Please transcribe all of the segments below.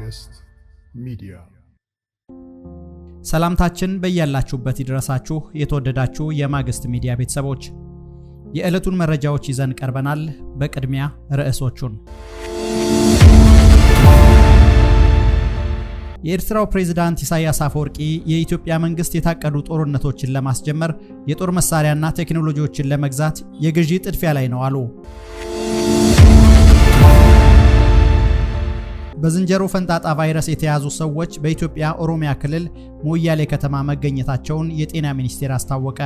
ማግስት ሚዲያ ሰላምታችን በያላችሁበት ይድረሳችሁ። የተወደዳችሁ የማግስት ሚዲያ ቤተሰቦች የዕለቱን መረጃዎች ይዘን ቀርበናል። በቅድሚያ ርዕሶቹን የኤርትራው ፕሬዝዳንት ኢሳያስ አፈወርቂ የኢትዮጵያ መንግስት የታቀዱ ጦርነቶችን ለማስጀመር የጦር መሳሪያና ቴክኖሎጂዎችን ለመግዛት የግዢ ጥድፊያ ላይ ነው አሉ። በዝንጀሮ ፈንጣጣ ቫይረስ የተያዙ ሰዎች በኢትዮጵያ ኦሮሚያ ክልል ሞያሌ ከተማ መገኘታቸውን የጤና ሚኒስቴር አስታወቀ።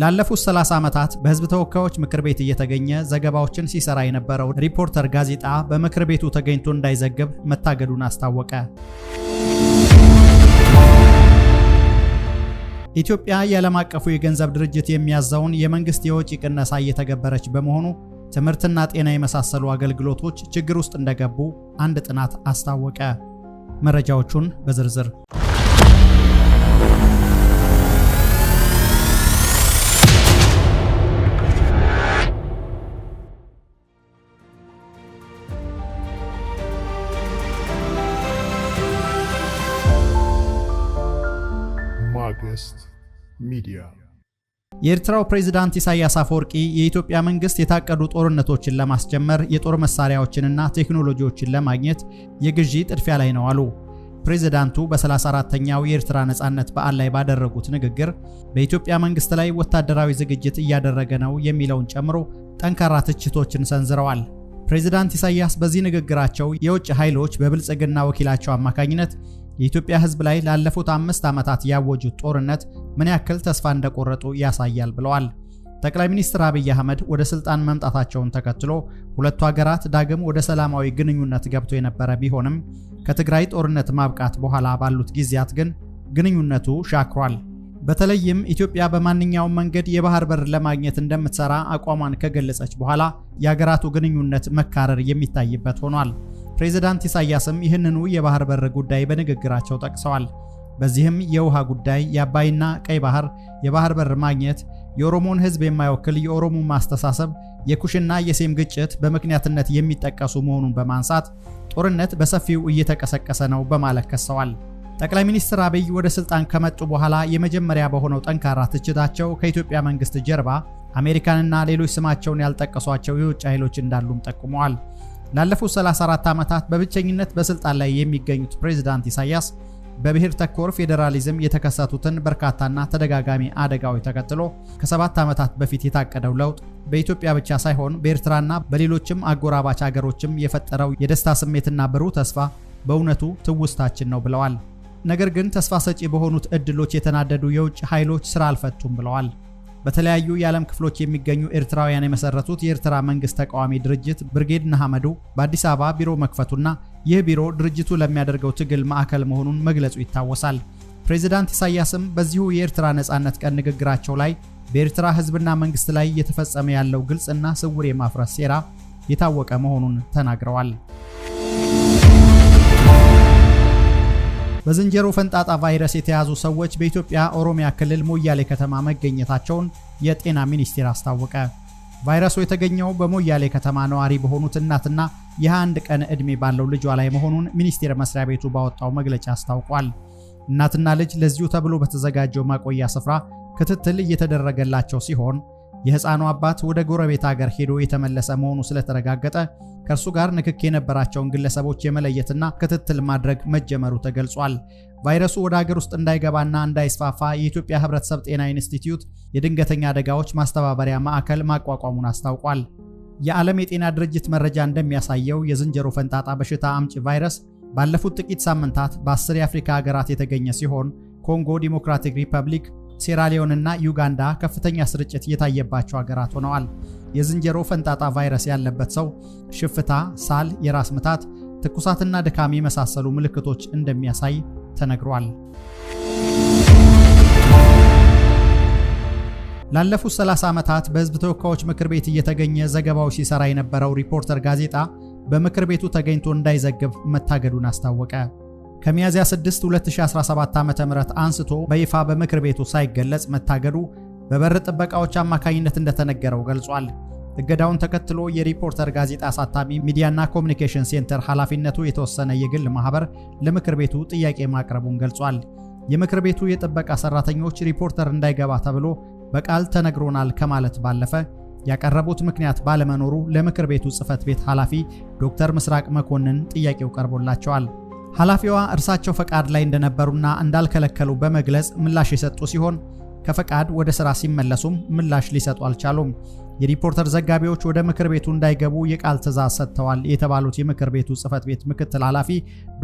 ላለፉት 30 ዓመታት በህዝብ ተወካዮች ምክር ቤት እየተገኘ ዘገባዎችን ሲሰራ የነበረው ሪፖርተር ጋዜጣ በምክር ቤቱ ተገኝቶ እንዳይዘግብ መታገዱን አስታወቀ። ኢትዮጵያ የዓለም አቀፉ የገንዘብ ድርጅት የሚያዘውን የመንግሥት የወጪ ቅነሳ እየተገበረች በመሆኑ ትምህርትና ጤና የመሳሰሉ አገልግሎቶች ችግር ውስጥ እንደገቡ አንድ ጥናት አስታወቀ። መረጃዎቹን በዝርዝር የኤርትራው ፕሬዝዳንት ኢሳያስ አፈወርቂ የኢትዮጵያ መንግስት የታቀዱ ጦርነቶችን ለማስጀመር የጦር መሳሪያዎችንና ቴክኖሎጂዎችን ለማግኘት የግዢ ጥድፊያ ላይ ነው አሉ። ፕሬዝዳንቱ በ34ተኛው የኤርትራ ነጻነት በዓል ላይ ባደረጉት ንግግር በኢትዮጵያ መንግስት ላይ ወታደራዊ ዝግጅት እያደረገ ነው የሚለውን ጨምሮ ጠንካራ ትችቶችን ሰንዝረዋል። ፕሬዚዳንት ኢሳያስ በዚህ ንግግራቸው የውጭ ኃይሎች በብልጽግና ወኪላቸው አማካኝነት የኢትዮጵያ ሕዝብ ላይ ላለፉት አምስት ዓመታት ያወጁት ጦርነት ምን ያክል ተስፋ እንደቆረጡ ያሳያል ብለዋል። ጠቅላይ ሚኒስትር አብይ አህመድ ወደ ስልጣን መምጣታቸውን ተከትሎ ሁለቱ ሀገራት ዳግም ወደ ሰላማዊ ግንኙነት ገብቶ የነበረ ቢሆንም ከትግራይ ጦርነት ማብቃት በኋላ ባሉት ጊዜያት ግን ግንኙነቱ ሻክሯል። በተለይም ኢትዮጵያ በማንኛውም መንገድ የባህር በር ለማግኘት እንደምትሰራ አቋሟን ከገለጸች በኋላ የአገራቱ ግንኙነት መካረር የሚታይበት ሆኗል። ፕሬዚዳንት ኢሳያስም ይህንኑ የባህር በር ጉዳይ በንግግራቸው ጠቅሰዋል። በዚህም የውሃ ጉዳይ፣ የአባይና ቀይ ባህር የባህር በር ማግኘት፣ የኦሮሞን ሕዝብ የማይወክል የኦሮሞ ማስተሳሰብ፣ የኩሽና የሴም ግጭት በምክንያትነት የሚጠቀሱ መሆኑን በማንሳት ጦርነት በሰፊው እየተቀሰቀሰ ነው በማለት ከሰዋል። ጠቅላይ ሚኒስትር አብይ ወደ ስልጣን ከመጡ በኋላ የመጀመሪያ በሆነው ጠንካራ ትችታቸው ከኢትዮጵያ መንግስት ጀርባ አሜሪካንና ሌሎች ስማቸውን ያልጠቀሷቸው የውጭ ኃይሎች እንዳሉም ጠቁመዋል። ላለፉት 34 ዓመታት በብቸኝነት በስልጣን ላይ የሚገኙት ፕሬዝዳንት ኢሳያስ በብሔር ተኮር ፌዴራሊዝም የተከሰቱትን በርካታና ተደጋጋሚ አደጋዎች ተከትሎ ከሰባት ዓመታት በፊት የታቀደው ለውጥ በኢትዮጵያ ብቻ ሳይሆን በኤርትራና በሌሎችም አጎራባች አገሮችም የፈጠረው የደስታ ስሜትና ብሩህ ተስፋ በእውነቱ ትውስታችን ነው ብለዋል። ነገር ግን ተስፋ ሰጪ በሆኑት እድሎች የተናደዱ የውጭ ኃይሎች ስራ አልፈቱም ብለዋል። በተለያዩ የዓለም ክፍሎች የሚገኙ ኤርትራውያን የመሰረቱት የኤርትራ መንግስት ተቃዋሚ ድርጅት ብርጌድ ንሓመዱ በአዲስ አበባ ቢሮ መክፈቱና ይህ ቢሮ ድርጅቱ ለሚያደርገው ትግል ማዕከል መሆኑን መግለጹ ይታወሳል። ፕሬዚዳንት ኢሳያስም በዚሁ የኤርትራ ነፃነት ቀን ንግግራቸው ላይ በኤርትራ ህዝብና መንግስት ላይ እየተፈጸመ ያለው ግልጽና ስውር የማፍረስ ሴራ የታወቀ መሆኑን ተናግረዋል። በዝንጀሮ ፈንጣጣ ቫይረስ የተያዙ ሰዎች በኢትዮጵያ ኦሮሚያ ክልል ሞያሌ ከተማ መገኘታቸውን የጤና ሚኒስቴር አስታወቀ። ቫይረሱ የተገኘው በሞያሌ ከተማ ነዋሪ በሆኑት እናትና የአንድ ቀን ዕድሜ ባለው ልጇ ላይ መሆኑን ሚኒስቴር መስሪያ ቤቱ ባወጣው መግለጫ አስታውቋል። እናትና ልጅ ለዚሁ ተብሎ በተዘጋጀው ማቆያ ስፍራ ክትትል እየተደረገላቸው ሲሆን የሕፃኑ አባት ወደ ጎረቤት አገር ሄዶ የተመለሰ መሆኑ ስለተረጋገጠ ከእርሱ ጋር ንክክ የነበራቸውን ግለሰቦች የመለየትና ክትትል ማድረግ መጀመሩ ተገልጿል። ቫይረሱ ወደ አገር ውስጥ እንዳይገባና እንዳይስፋፋ የኢትዮጵያ ሕብረተሰብ ጤና ኢንስቲትዩት የድንገተኛ አደጋዎች ማስተባበሪያ ማዕከል ማቋቋሙን አስታውቋል። የዓለም የጤና ድርጅት መረጃ እንደሚያሳየው የዝንጀሮ ፈንጣጣ በሽታ አምጪ ቫይረስ ባለፉት ጥቂት ሳምንታት በአስር የአፍሪካ ሀገራት የተገኘ ሲሆን ኮንጎ ዲሞክራቲክ ሪፐብሊክ ሴራሊዮንና ዩጋንዳ ከፍተኛ ስርጭት እየታየባቸው ሀገራት ሆነዋል። የዝንጀሮ ፈንጣጣ ቫይረስ ያለበት ሰው ሽፍታ፣ ሳል፣ የራስ ምታት፣ ትኩሳትና ድካም የመሳሰሉ ምልክቶች እንደሚያሳይ ተነግሯል። ላለፉት 30 ዓመታት በሕዝብ ተወካዮች ምክር ቤት እየተገኘ ዘገባዎች ሲሰራ የነበረው ሪፖርተር ጋዜጣ በምክር ቤቱ ተገኝቶ እንዳይዘግብ መታገዱን አስታወቀ። ከሚያዝያ 6 2017 ዓ.ም አንስቶ በይፋ በምክር ቤቱ ሳይገለጽ መታገዱ በበር ጥበቃዎች አማካኝነት እንደተነገረው ገልጿል። እገዳውን ተከትሎ የሪፖርተር ጋዜጣ አሳታሚ ሚዲያና ኮሚኒኬሽን ሴንተር ኃላፊነቱ የተወሰነ የግል ማህበር ለምክር ቤቱ ጥያቄ ማቅረቡን ገልጿል። የምክር ቤቱ የጥበቃ ሰራተኞች ሪፖርተር እንዳይገባ ተብሎ በቃል ተነግሮናል ከማለት ባለፈ ያቀረቡት ምክንያት ባለመኖሩ ለምክር ቤቱ ጽህፈት ቤት ኃላፊ ዶክተር ምስራቅ መኮንን ጥያቄው ቀርቦላቸዋል። ኃላፊዋ እርሳቸው ፈቃድ ላይ እንደነበሩና እንዳልከለከሉ በመግለጽ ምላሽ የሰጡ ሲሆን ከፈቃድ ወደ ሥራ ሲመለሱም ምላሽ ሊሰጡ አልቻሉም። የሪፖርተር ዘጋቢዎች ወደ ምክር ቤቱ እንዳይገቡ የቃል ትእዛዝ ሰጥተዋል የተባሉት የምክር ቤቱ ጽህፈት ቤት ምክትል ኃላፊ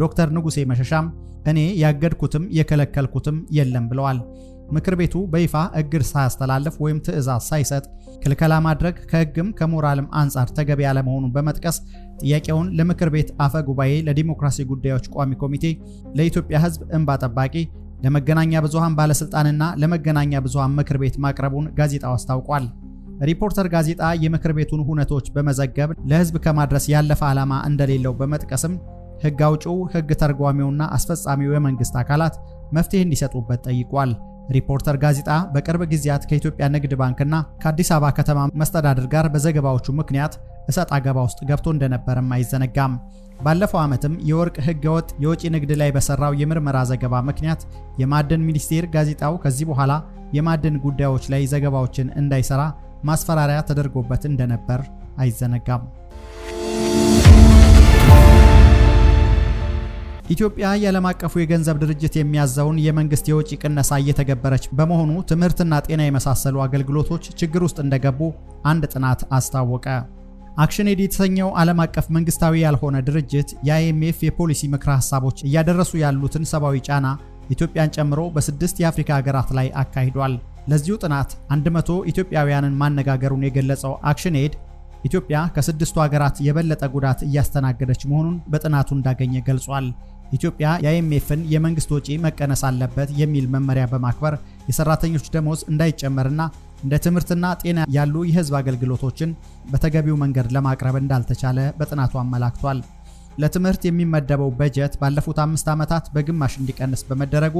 ዶክተር ንጉሴ መሸሻም እኔ ያገድኩትም የከለከልኩትም የለም ብለዋል። ምክር ቤቱ በይፋ እግድ ሳያስተላልፍ ወይም ትዕዛዝ ሳይሰጥ ክልከላ ማድረግ ከህግም ከሞራልም አንጻር ተገቢ ያለመሆኑን በመጥቀስ ጥያቄውን ለምክር ቤት አፈ ጉባኤ፣ ለዲሞክራሲ ጉዳዮች ቋሚ ኮሚቴ፣ ለኢትዮጵያ ህዝብ እንባ ጠባቂ፣ ለመገናኛ ብዙሃን ባለስልጣንና ለመገናኛ ብዙሃን ምክር ቤት ማቅረቡን ጋዜጣው አስታውቋል። ሪፖርተር ጋዜጣ የምክር ቤቱን ሁነቶች በመዘገብ ለህዝብ ከማድረስ ያለፈ ዓላማ እንደሌለው በመጥቀስም ህግ አውጪው፣ ህግ ተርጓሚውና አስፈጻሚው የመንግሥት አካላት መፍትሄ እንዲሰጡበት ጠይቋል። ሪፖርተር ጋዜጣ በቅርብ ጊዜያት ከኢትዮጵያ ንግድ ባንክና ከአዲስ አበባ ከተማ መስተዳድር ጋር በዘገባዎቹ ምክንያት እሰጥ አገባ ውስጥ ገብቶ እንደነበረም አይዘነጋም። ባለፈው ዓመትም የወርቅ ህገወጥ የወጪ ንግድ ላይ በሰራው የምርመራ ዘገባ ምክንያት የማዕድን ሚኒስቴር ጋዜጣው ከዚህ በኋላ የማዕድን ጉዳዮች ላይ ዘገባዎችን እንዳይሰራ ማስፈራሪያ ተደርጎበት እንደነበር አይዘነጋም። ኢትዮጵያ የዓለም አቀፉ የገንዘብ ድርጅት የሚያዘውን የመንግስት የውጭ ቅነሳ እየተገበረች በመሆኑ ትምህርትና ጤና የመሳሰሉ አገልግሎቶች ችግር ውስጥ እንደገቡ አንድ ጥናት አስታወቀ። አክሽን ኤድ የተሰኘው ዓለም አቀፍ መንግስታዊ ያልሆነ ድርጅት የአይኤምኤፍ የፖሊሲ ምክረ ሐሳቦች እያደረሱ ያሉትን ሰብአዊ ጫና ኢትዮጵያን ጨምሮ በስድስት የአፍሪካ ሀገራት ላይ አካሂዷል። ለዚሁ ጥናት 100 ኢትዮጵያውያንን ማነጋገሩን የገለጸው አክሽን ኤድ ኢትዮጵያ ከስድስቱ ሀገራት የበለጠ ጉዳት እያስተናገደች መሆኑን በጥናቱ እንዳገኘ ገልጿል። ኢትዮጵያ የአይኤምኤፍን የመንግስት ወጪ መቀነስ አለበት የሚል መመሪያ በማክበር የሰራተኞች ደሞዝ እንዳይጨመርና እንደ ትምህርትና ጤና ያሉ የህዝብ አገልግሎቶችን በተገቢው መንገድ ለማቅረብ እንዳልተቻለ በጥናቱ አመላክቷል። ለትምህርት የሚመደበው በጀት ባለፉት አምስት ዓመታት በግማሽ እንዲቀንስ በመደረጉ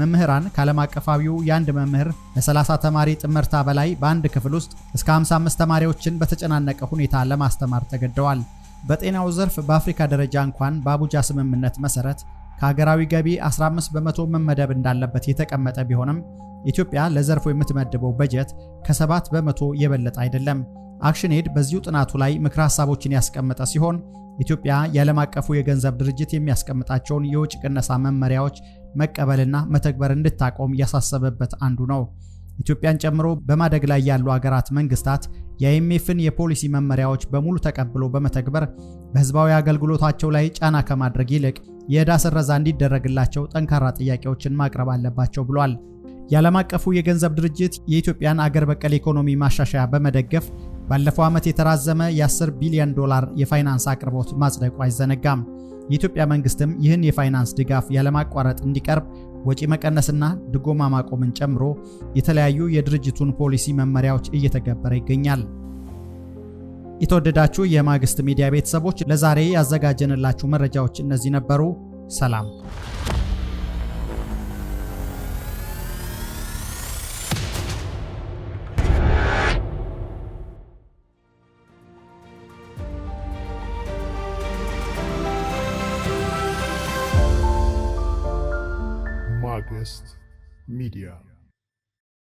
መምህራን ከዓለም አቀፋዊው የአንድ መምህር ለ30 ተማሪ ጥምርታ በላይ በአንድ ክፍል ውስጥ እስከ 55 ተማሪዎችን በተጨናነቀ ሁኔታ ለማስተማር ተገደዋል። በጤናው ዘርፍ በአፍሪካ ደረጃ እንኳን በአቡጃ ስምምነት መሰረት ከሀገራዊ ገቢ 15 በመቶ መመደብ እንዳለበት የተቀመጠ ቢሆንም ኢትዮጵያ ለዘርፉ የምትመድበው በጀት ከ7 በመቶ የበለጠ አይደለም። አክሽን በዚሁ ጥናቱ ላይ ምክር ሀሳቦችን ያስቀመጠ ሲሆን ኢትዮጵያ የዓለም አቀፉ የገንዘብ ድርጅት የሚያስቀምጣቸውን የውጭ ቅነሳ መመሪያዎች መቀበልና መተግበር እንድታቆም ያሳሰበበት አንዱ ነው። ኢትዮጵያን ጨምሮ በማደግ ላይ ያሉ አገራት መንግስታት የአይኤምኤፍን የፖሊሲ መመሪያዎች በሙሉ ተቀብሎ በመተግበር በህዝባዊ አገልግሎታቸው ላይ ጫና ከማድረግ ይልቅ የዕዳ ስረዛ እንዲደረግላቸው ጠንካራ ጥያቄዎችን ማቅረብ አለባቸው ብሏል። የዓለም አቀፉ የገንዘብ ድርጅት የኢትዮጵያን አገር በቀል ኢኮኖሚ ማሻሻያ በመደገፍ ባለፈው ዓመት የተራዘመ የ10 ቢሊዮን ዶላር የፋይናንስ አቅርቦት ማጽደቁ አይዘነጋም። የኢትዮጵያ መንግስትም ይህን የፋይናንስ ድጋፍ ያለማቋረጥ እንዲቀርብ ወጪ መቀነስና ድጎማ ማቆምን ጨምሮ የተለያዩ የድርጅቱን ፖሊሲ መመሪያዎች እየተገበረ ይገኛል። የተወደዳችሁ የማግስት ሚዲያ ቤተሰቦች ለዛሬ ያዘጋጀንላችሁ መረጃዎች እነዚህ ነበሩ። ሰላም Podcast Media.